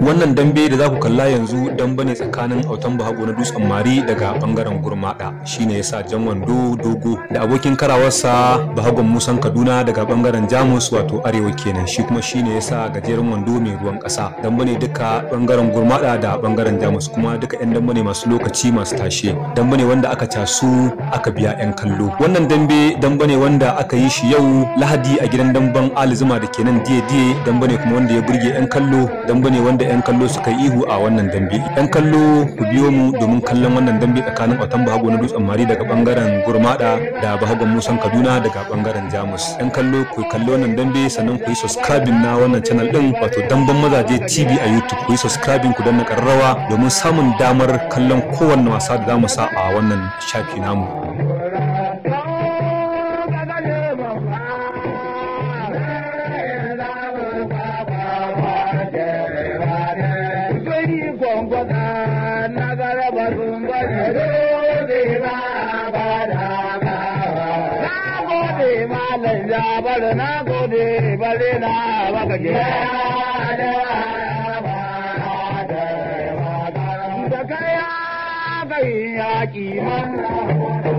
wannan dambe da za ku kalla yanzu dambe ne tsakanin autan bahago na dutsen mari daga bangaren gurmada shine sa jan wando dogo da abokin karawarsa bahagon musan kaduna daga bangaren jamus wato arewa kenan shi kuma shine sa gajeren wando mai ruwan kasa dambe ne duka bangaren gurmada da bangaren jamus kuma duka yan dambe ne masu lokaci masu tashe dambe ne wanda aka casu aka biya yan kallo wannan dambe dambe ne wanda aka yi shi yau lahadi a gidan damban alizuma da kenan diye diye dambe ne kuma wanda ya burge yan kallo dambe ne wanda da 'yan kallo suka yi ihu a wannan dambe. 'Yan kallo ku biyo mu domin kallon wannan dambe tsakanin Otan Bahago na Dutsen Mari daga bangaren Gurmada da Bahagon Musan Kaduna daga bangaren Jamus. 'Yan kallo ku kalli wannan dambe sannan ku yi subscribing na wannan channel din wato Damban Mazaje TV a YouTube. Ku yi subscribing ku danna karrawa domin samun damar kallon kowanne wasa da za mu sa a wannan shafi namu. gwaza na garaba sun gwaza dole ma ba da kawa. Na gode malam jabar na gode bare na baka gida. Da kai ya kai yaƙi ma.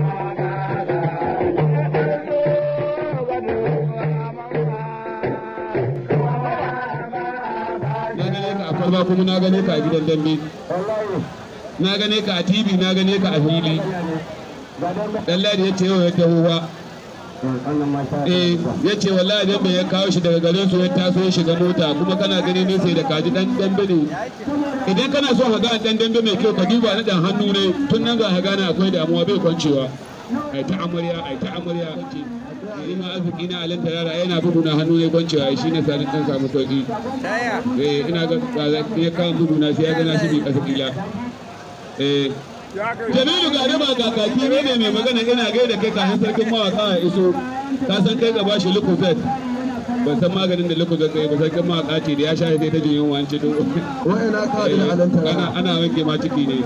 kuma kuma na gane ka a gidan dambe na gane ka a tv na gane ka a fili lallai ya ce yau ya taho ba eh ya ce wallahi dan bai ya kawo shi daga garin su ya taso ya shiga mota kuma kana gani ne sai da kaji dan dambe ne idan kana so ka ga dan dambe mai kyau ka duba na dan hannu ne tun nan za ka gane akwai damuwa bai kwancewa ai ta amarya ai ta amarya ce ni ma arziki na alin tarara yana gudu na hannu ya kwancewa shi na sadin kan samu sauki eh ina ga ya kawo gudu na sai ya gana shi bi kasa kila eh Jamilu ga riba ga kaki ne ne mai magana ina da kai kafin sarkin mawaka ya iso ka san kai gaba shi lukufet ban san maganin da lukufet kai ba sarkin mawaka ce da ya sha sai ta jin yunwa ce wa'ina ka da eh, alanta ana wanke ma ciki ne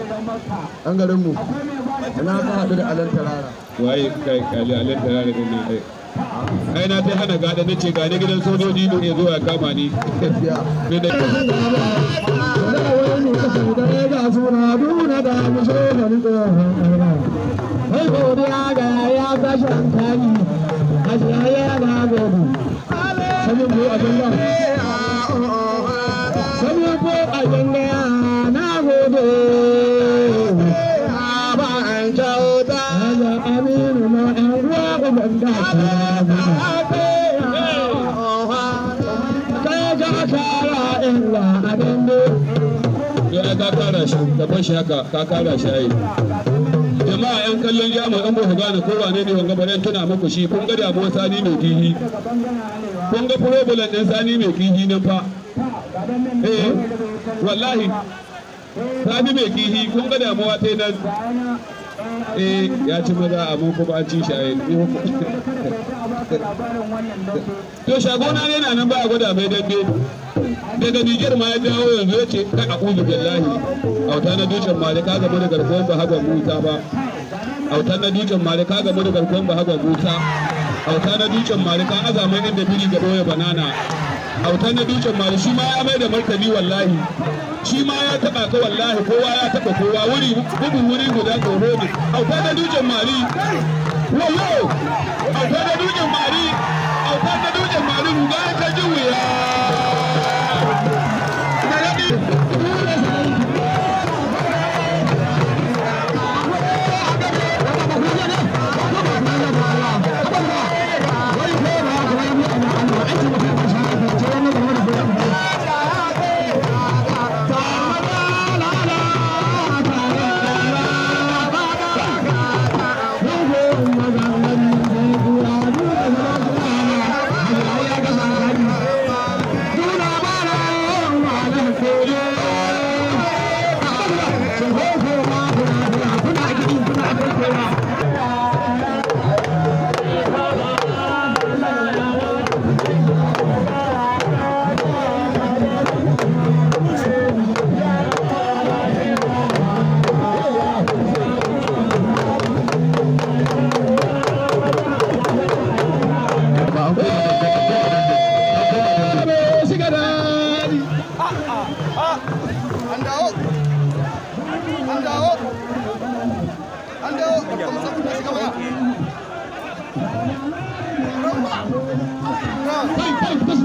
an garin mu ina ka haɗu da alan tarara waye kai kali alan tarara ne kai na ta hana gada nace ga ni gidan sojoji ne zo ya kama ni ne da ka Hai ga ya ya gobe, mu shi haka ka kara shayi jama'a yan kallon jamus an boko gane ko wane ne wanga bare tana muku shi kun ga damuwa sani mai kihi kun ga problem din sani mai kihi nan fa eh wallahi sani mai kihi kun ga damuwa ta nan eh ya ci maza amma ko ba ci shi a yanzu to shagona ne na nan ba a gwada mai dambe daga niger ma ya dawo yanzu ya ce ka a'udhu billahi auta na dukan mali ka gaba da garkuwar ba hagan muta ba auta na dukan mali ka gaba da garkuwar ba hagan musa auta na dukan mali ka inda biri ga doya banana autan na dukkan mali shi ma ya mai da martani wallahi shi ma ya taba ka wallahi kowa ya taba kowa wuri bugu wuri guda tsoro ne autan na dukin mari wayo autan na dukin mari autan na dukkan mari ruga ta ji wuya